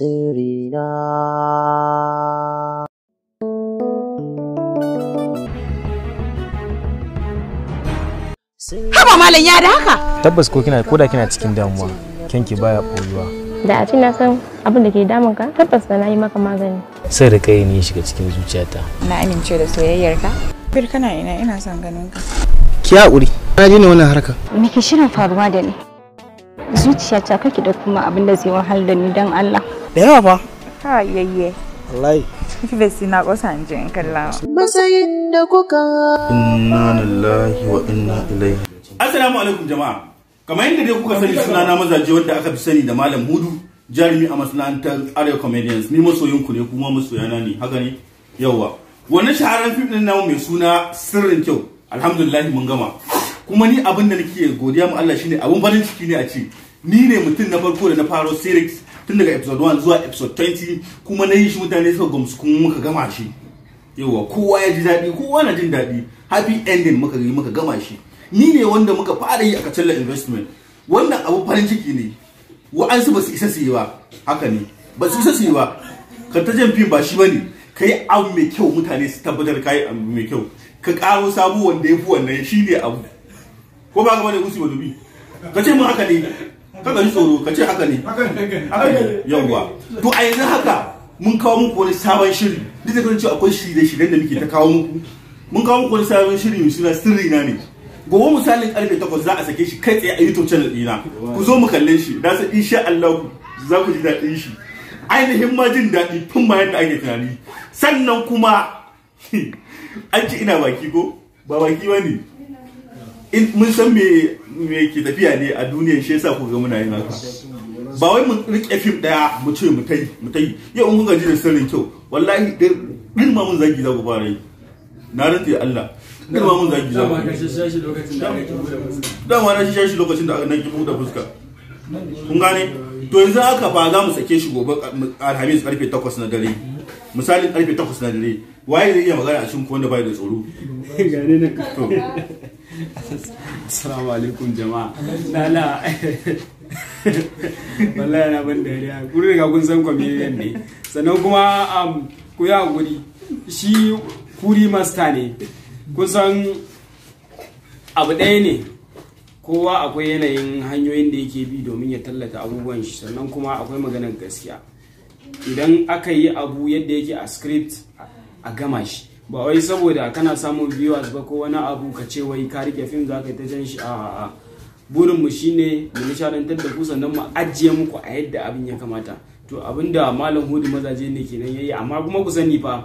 sirrina. Haba malam ya da haka? Tabbas ko kina koda kina cikin damuwa, kyanki baya koyuwa. Da a ce na san abin da ke damun ka, tabbas da na yi maka magani. Sai da kai ne shiga cikin zuciyata. Na amince da soyayyarka. Bir kana ina ina son ganin ka. Ki haƙuri. Na ji ne wannan harka. Me ke shirin faruwa da ni? Zuciyata kake da kuma abin da zai wahal da ni dan Allah. da yawa ba ha yayye wallahi kife si na kosan jin kalla masayin da kuka inna lillahi wa inna ilaihi assalamu alaikum jama'a kamar yadda dai kuka sani suna na mazaje wanda aka fi sani da malam hudu jarumi a masana'antar arewa comedians ni masoyin ku ne kuma masoyana ne haka ne yawa wannan shahararren fim din namu mai suna sirrin kyau alhamdulillah mun gama kuma ni abin da nake godiya mu Allah shine abun farin ciki ne a ce ni ne mutum na farko da na faro series tun daga episode 1 zuwa episode 20 kuma na yi shi mutane suka gamsu kuma muka gama shi yawa kowa ya ji daɗi kowa na jin daɗi happy ending muka yi muka gama shi ni ne wanda muka fara yi a kacalla investment wannan abu farin ciki ne wa'ansu ba su isa su yi ba haka ne ba su isa su yi ba ka ta jan fim ba shi ba ne ka yi abu mai kyau mutane su tabbatar ka yi abu mai kyau ka ƙaro sabuwan da ya fi wannan shi ne abu ko ba ka bane kusi ba dubi ka ce mun haka ne kaga ji tsoro ka ce haka ne haka ne yawwa to a yanzu haka mun kawo muku wani sabon shiri duk da cewa akwai shirye-shiryen da muke ta kawo muku mun kawo muku wani sabon shiri mai suna sirri na ne gobe misalin karfe takwas za a sake shi kai tsaye a YouTube channel dina ku zo mu kalle shi da sa insha Allah za ku ji daɗin shi ainihin ma jin daɗi tun ma da ake tunani sannan kuma an ci ina baki ko ba baki ba ne mun san me me ke tafiya ne a duniya shi yasa ku ga muna yin haka ba wai mun rike fim daya mu ce mu tai mu tai yau in kun jira da sirrin kyau wallahi din ma mun zagi za ku fara yi na rantsi Allah din ma mun zagi za ku dama na shi lokacin da na kibu lokacin da fuska kun gane to yanzu aka fa za mu sake shi gobe alhamis karfe 8 na dare misali karfe 8 na dare waye zai iya magana a cikin wanda bai da tsoro gane na to assalamu alaikum jama'a lala wallahi na ban dariya kun riga kun san comedian ne sannan kuma um, ku yi hakuri shi kuri master ne kun abu ɗaya ne kowa akwai yanayin hanyoyin da yake bi domin ya tallata abubuwan shi sannan kuma akwai maganar gaskiya idan aka yi abu yadda yake a script a gama shi ba wai saboda kana samun viewers ba ko wani abu ka ce wai ka rike fim za ka yi ta jan shi a a burin mu shine mu nishadantar da ku sannan mu ajiye muku a yadda abin ya kamata to abinda malam hudu mazaje ne kenan yayi amma kuma ku sani fa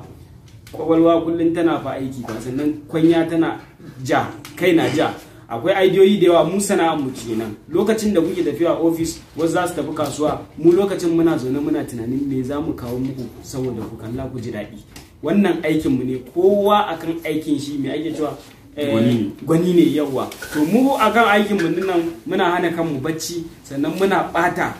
kwakwalwa kullum tana fa aiki fa sannan kwanya tana ja kai na ja akwai idiyoyi da yawa mu sana'ar mu kenan lokacin da kuke tafiya ofis wasu za su tafi kasuwa mu lokacin muna zaune muna tunanin me za mu kawo muku saboda ku kalla ku ji daɗi wannan aikin mu ne kowa akan aikin shi mai ake cewa eh, gwani ne yawa to mu akan aikin mu nan muna hana kanmu bacci sannan muna bata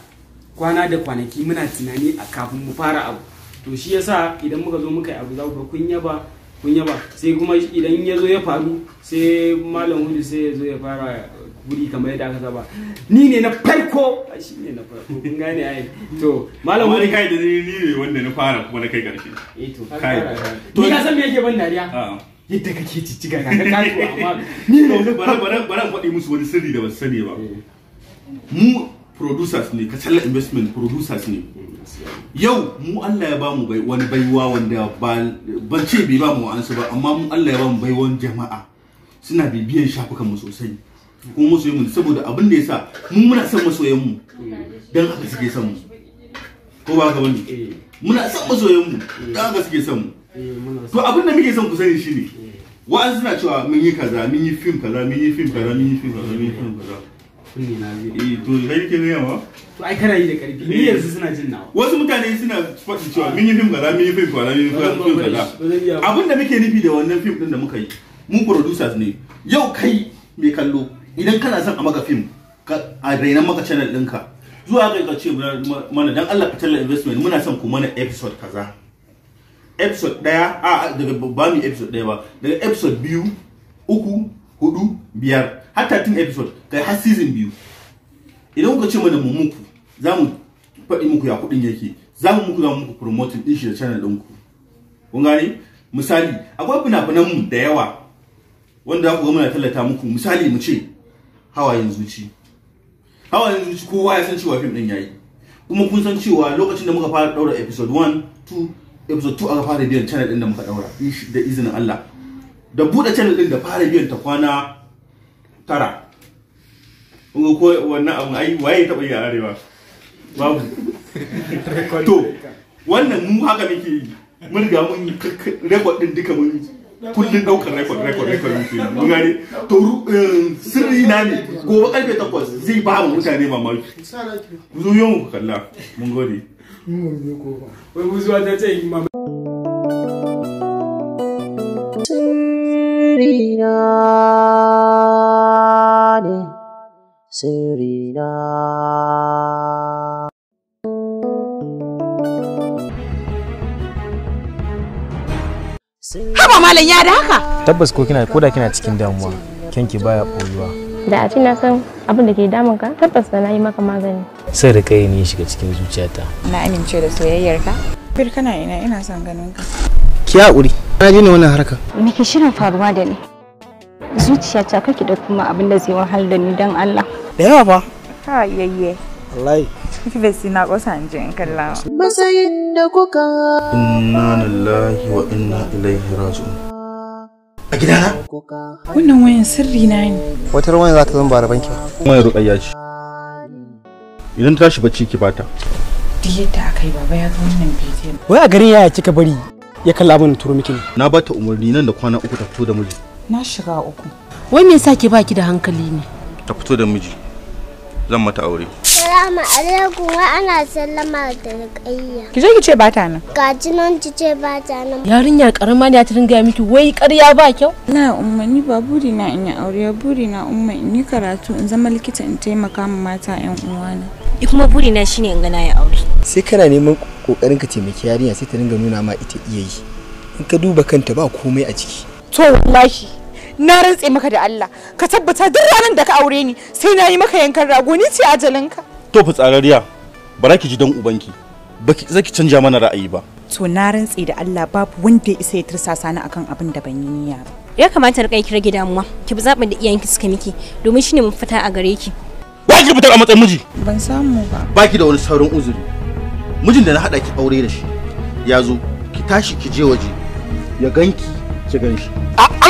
kwana da kwanaki muna tunani a kafin mu fara abu to shi yasa idan muka zo muka yi abu za ku kun yaba kun yaba sai kuma idan ya zo ya faru sai malam hudu sai ya zo ya fara guri kamar yadda aka saba ni ne na farko shi ne na farko kun gane ai to malam hudu kai da ni ne wanda na fara kuma na kai karshe eh to kai to ka san me yake ban dariya ah. yadda kake cicciga ka ka amma ni ne bara bara bara faɗi musu wani sirri da ba sani ba eh. mu producers ne ka tsalla investment producers ne yau mu Allah ya bamu bai wani baiwa wanda ban ce bai bamu an ba amma mu Allah ya bamu baiwan jama'a suna bibiyan shafukan mu sosai kuma musu mu saboda abin da yasa mu muna son masoyan mu dan haka suke son mu ko ba ka bane eh. muna son masoyan mu dan haka suke son mu eh, to abin da muke son ku sani shine eh. wa'an suna cewa mun yi kaza mun yi film kaza mun yi film kaza mun yi film kaza mun yi film kaza kunne na zai eh to zai ke ne ma to ai kana yi da karfi ni eh. yanzu suna jin nawa wasu mutane suna faɗi cewa mun yi fim kaza mun yi fim kaza mun yi fim kaza abin da muke nufi da wannan fim din da muka yi mu producers ne yau kai mai kallo idan kana son a maka fim a rainan maka channel ɗinka zuwa ga ka ce mana dan Allah fitar da investment muna son ku mana episode kaza episode daya a daga ba mu episode daya ba daga episode biyu uku hudu biyar har 13 episode kai har season biyu idan kuka ce mana mu muku za mu faɗi muku ya kuɗin yake za mu muku za mu muku promoting ɗin shi da channel ku kun gani misali akwai fina-finan mu da yawa wanda za ku ga muna tallata muku misali mu ce hawayen zuci hawayen zuci kowa ya san cewa fim ɗin yayi kuma kun san cewa lokacin da muka fara daura episode 1 2 episode 2 aka fara biyan channel ɗin da muka daura da izinin Allah da buɗe channel ɗin da fara biyan ta kwana tara ko ko wannan abin ai waye taɓa yi arewa babu to wannan mu haka nake yi mun riga mun yi record din duka mun kullun daukar record record record muke yi mun gani to eh, sirri na ne gobe karfe 8 zai ba mu mutane ba mai ku zo yau ku kalla mun gode mun ne ko ba wai mu zuwa ta ce mama sirri na sirrina. Haba malam ya da haka? Tabbas ko kina koda kina cikin damuwa, kyanki baya boyuwa. Da a ce na san abin da ke damun ka, tabbas da na yi maka magani. Sai da kai ne shiga cikin zuciyata. Na amince da soyayyarka. Bir kana ina ina son ganin ka. Ki haƙuri, na ji ne wannan harka. Me ke shirin faruwa da ni? Zuciyata kake da kuma abin da zai wahal da ni don Allah. da yawa fa ha wallahi kike sai na kosa in je in kalla matsayin da kuka inna lillahi wa inna ilaihi raji'un a gida na. wannan wayan sirri na ne wata ruwan za ta zama ba rabanki kuma mai ruƙayya ce idan ta tashi bacci ki bata diyeta yadda baba ya zo wannan bidiyon wai a garin yaya kika bari ya kalla mun turo miki na bata umarni nan da kwana uku ta fito da miji na shiga uku wai me yasa ke baki da hankali ne ta fito da miji zan mata aure salamu alaikum wa ana sallama da rikayya ki je ki ce bata ta nan Ga jinan ki ce bata nan yarinya karama ne ta ringa miki wai ƙarya ba kyau la umma ni ba buri na in yi aure buri na umma in yi karatu in zama likita in taimaka ma mata yan uwana ni kuma buri na shine in ga na yi aure sai kana neman kokarin ka taimaki yarinya sai ta ringa nuna ma ita iya yi in ka duba kanta ba komai a ciki to wallahi na rantse maka da Allah ka tabbata duk ranar da ka aure ni sai na yi maka yankan rago ni ce ajalinka to ba bara ki ji dan ubanki baki zaki canja mana ra'ayi ba to na rantse da Allah babu wanda ya isa ya tursasa ni akan abin da ban yi niyya ba ya kamata ka kira gida damuwa ki bi zaɓin da iyayenki suka miki domin shine mun fita a gare ki ba ki fitar a matsayin miji ban samu ba ba ki da wani saurin uzuri mijin da na haɗa ki aure da shi ya zo ki tashi ki je waje ya ganki ki ganshi a'a